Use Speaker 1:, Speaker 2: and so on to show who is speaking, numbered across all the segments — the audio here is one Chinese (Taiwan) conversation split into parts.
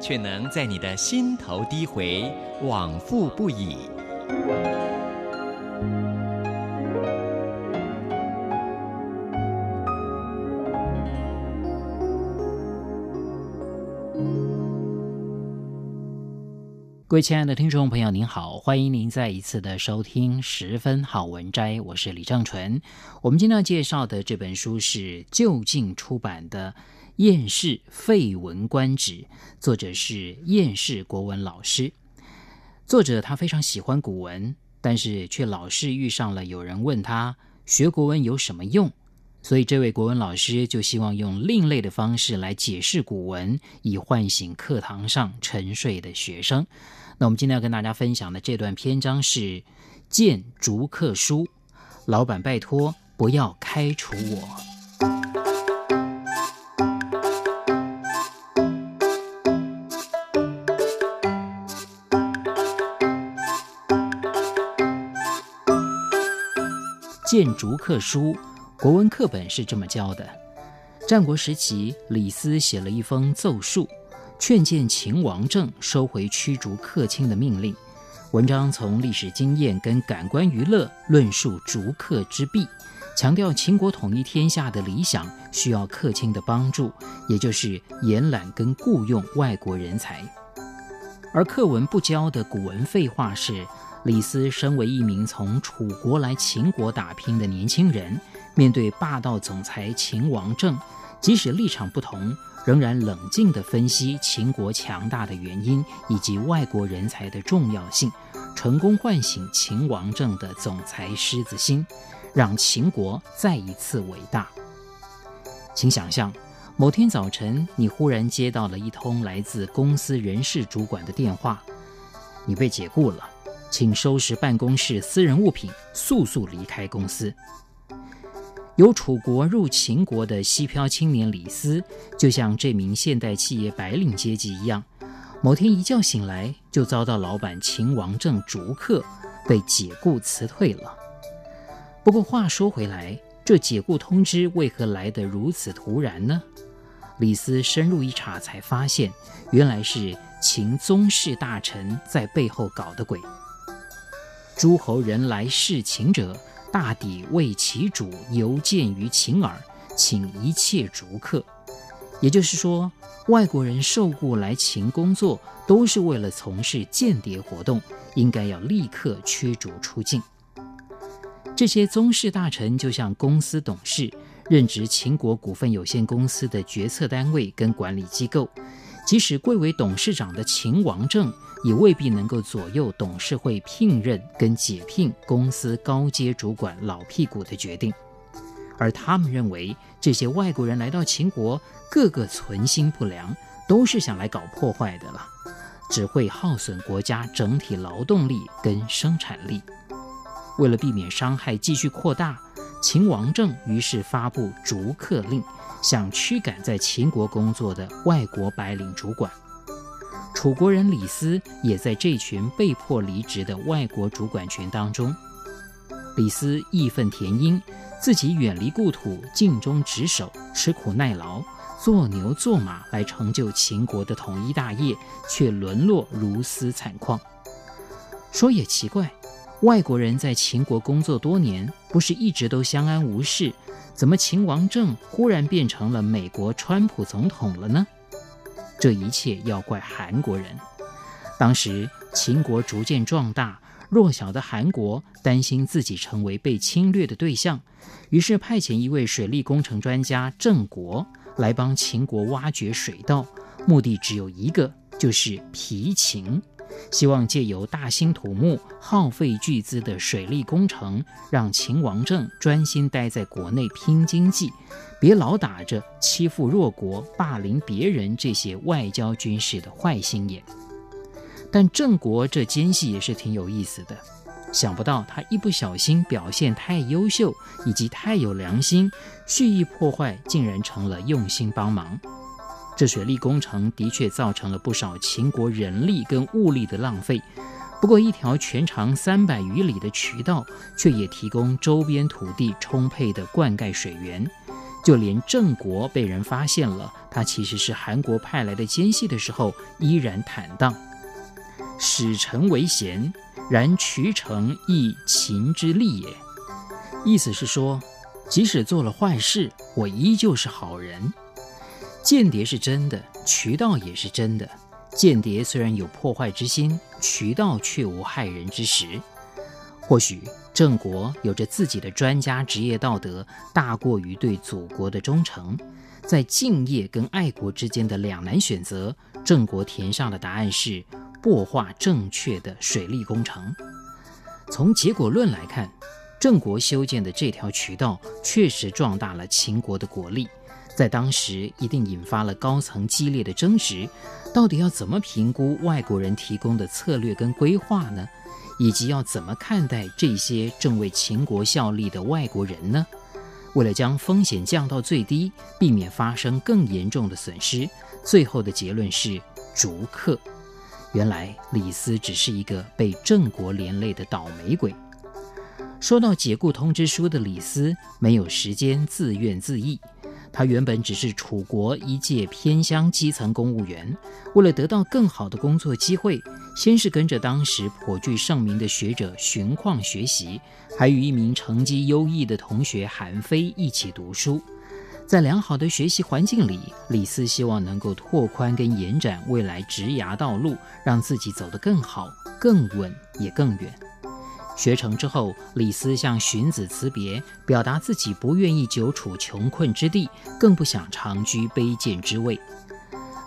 Speaker 1: 卻能在你的心頭低回，往復不已。各位親愛的聽眾朋友，您好，歡迎您再一次的收聽《十分好文摘》，我是李正純。我們今天要介紹的這本書是究竟出版的。厭世廢文觀止，作者是厭世國文老師。作者他非常喜歡古文，但是卻老是遇上了有人問他學國文有什麼用，所以這位國文老師就希望用另類的方式來解釋古文，以喚醒課堂上沉睡的學生。那我們今天要跟大家分享的這段篇章是《諫逐客書》，老闆拜託不要開除我。諫逐客書，國文課本是這麼教的。戰國時期，李斯寫了一封奏疏，勸諫秦王政收回驅逐客卿的命令。文章從歷史經驗跟感官娛樂論述逐客之弊，強調秦國統一天下的理想需要客卿的幫助，也就是延攬跟僱傭外國人才。而課文不教的古文廢話是。李斯身為一名從楚國來秦國打拼的年輕人，面對霸道總裁秦王政，即使立場不同，仍然冷靜地分析秦國強大的原因以及外國人才的重要性，成功喚醒秦王政的總裁獅子心，讓秦國再一次偉大。請想象，某天早晨，你忽然接到了一通來自公司人事主管的電話，你被解雇了。請收拾辦公室私人物品，速速離開公司。由楚國入秦國的西漂青年李斯，就像這名現代企業白領階級一樣，某天一覺醒來，就遭到老板秦王政逐客，被解雇辭退了。不過話說回來，這解雇通知為何來得如此突然呢？李斯深入一查才發現，原來是秦宗室大臣在背後搞的鬼。諸侯人來事秦者，大抵為其主游間於秦耳，請一切逐客。也就是說，外國人受雇來秦工作，都是為了從事間諜活動，應該要立刻驅逐出境。這些宗室大臣就像公司董事，任職秦國股份有限公司的決策單位跟管理機構，即使貴為董事長的秦王政。也未必能夠左右董事會聘任跟解聘公司高階主管老屁股的決定，而他們認為這些外國人來到秦國，個個存心不良，都是想來搞破壞的了，只會耗損國家整體勞動力跟生產力。為了避免傷害繼續擴大，秦王政於是發布逐客令，想驅趕在秦國工作的外國白領主管。楚國人李斯也在這群被迫離職的外國主管群當中。李斯義憤填膺，自己遠離故土，盡忠職守，吃苦耐勞，做牛做馬來成就秦國的統一大業，卻淪落如斯慘況。說也奇怪，外國人在秦國工作多年，不是一直都相安無事，怎麼秦王政忽然變成了美國川普總統了呢？這一切要怪韓國人。當時秦國逐漸壯大，弱小的韓國擔心自己成為被侵略的對象，於是派遣一位水利工程專家鄭國來幫秦國挖掘水道，目的只有一個，就是疲秦。希望借由大興土木、耗費巨資的水利工程，讓秦王政專心待在國內拼經濟，別老打着欺負弱國、霸凌別人這些外交軍事的壞心眼。但鄭國這奸細也是挺有意思的，想不到他一不小心表現太優秀，以及太有良心，蓄意破壞竟然成了用心幫忙。這水利工程的確造成了不少秦國人力跟物力的浪費，不過一條全長三百餘里的渠道，却也提供周邊土地充沛的灌溉水源。就連鄭國被人發現了，他其實是韓國派來的奸細的時候，依然坦蕩。始臣為間，然渠成亦秦之利也。意思是說，即使做了壞事，我依舊是好人。間諜是真的，渠道也是真的。間諜雖然有破壞之心，渠道卻無害人之實。或許鄭國有着自己的專家職業道德，大過於對祖國的忠誠。在敬業跟愛國之間的兩難選擇，鄭國填上的答案是破壞正確的水利工程。從結果論來看，鄭國修建的這條渠道確實壯大了秦國的國力。在當時一定引發了高層激烈的爭執，到底要怎麼評估外國人提供的策略跟規劃呢？以及要怎麼看待這些正為秦國效力的外國人呢？為了將風險降到最低，避免發生更嚴重的損失，最後的結論是逐客。原來李斯只是一個被鄭國連累的倒霉鬼。收到解雇通知書的李斯沒有時間自怨自艾。他原本只是楚國一介偏鄉基層公務員，為了得到更好的工作機會，先是跟着當時頗具盛名的學者荀況學習，還與一名成績優異的同學韓非一起讀書。在良好的學習環境裡，李斯希望能夠拓寬跟延展未來職涯道路，讓自己走得更好、更穩也更遠。學成之後，李斯向荀子辭別，表達自己不願意久處窮困之地，更不想長居卑賤之位。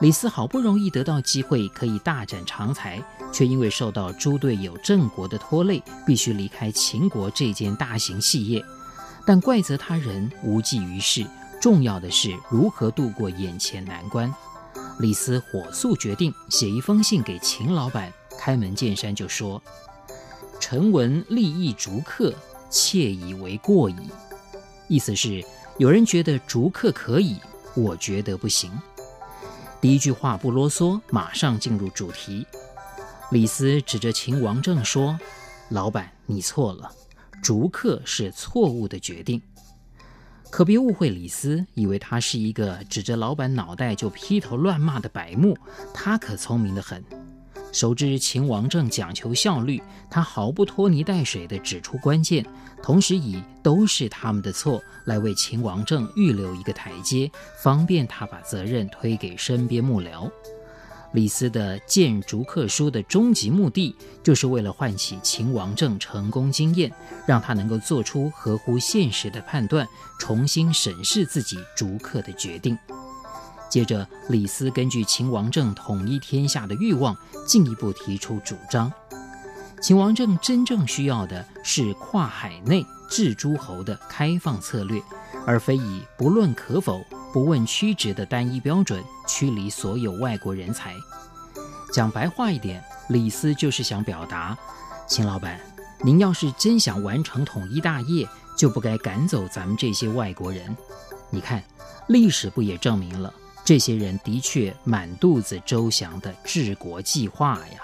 Speaker 1: 李斯好不容易得到機會可以大展長才，卻因為受到豬隊友鄭國的拖累，必須離開秦國這間大型企業。但怪責他人無濟於事，重要的是如何度過眼前難關。李斯火速決定寫一封信給秦老板，開門見山就說。臣聞吏議逐客，竊以為過矣。意思是有人覺得逐客可以，我覺得不行。第一句話不囉嗦，馬上進入主題。李斯指着秦王政說：“老闆，你錯了，逐客是錯誤的決定。”可別誤會李斯，以為他是一個指着老闆腦袋就劈頭亂罵的白目。他可聰明得很。熟知秦王政講求效率，他毫不拖泥帶水地指出關鍵，同時以“都是他們的錯”來為秦王政預留一個台階，方便他把責任推給身邊幕僚。李斯的《諫逐客書》的終極目的，就是為了喚起秦王政成功經驗，讓他能夠做出合乎現實的判斷，重新審視自己逐客的決定。接着，李斯根據秦王政統一天下的欲望，進一步提出主張：秦王政真正需要的是跨海內制諸侯的開放策略，而非以不論可否、不問曲直的單一標準驅離所有外國人才。講白話一點，李斯就是想表達：秦老闆，您要是真想完成統一大業，就不該趕走咱們這些外國人。你看，歷史不也證明了？這些人的確滿肚子周詳的治國計劃呀。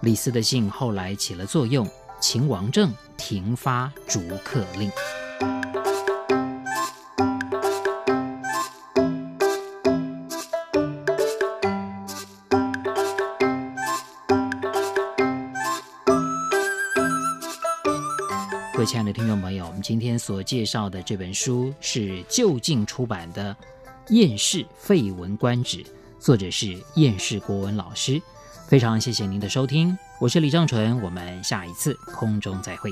Speaker 1: 李斯的信後來起了作用，秦王政停發逐客令。各位親愛的聽眾朋友，我們今天所介紹的這本書是究竟出版的。厭世廢文觀止，作者是厭世國文老師。非常謝謝您的收聽，我是李尚純，我們下一次空中再會。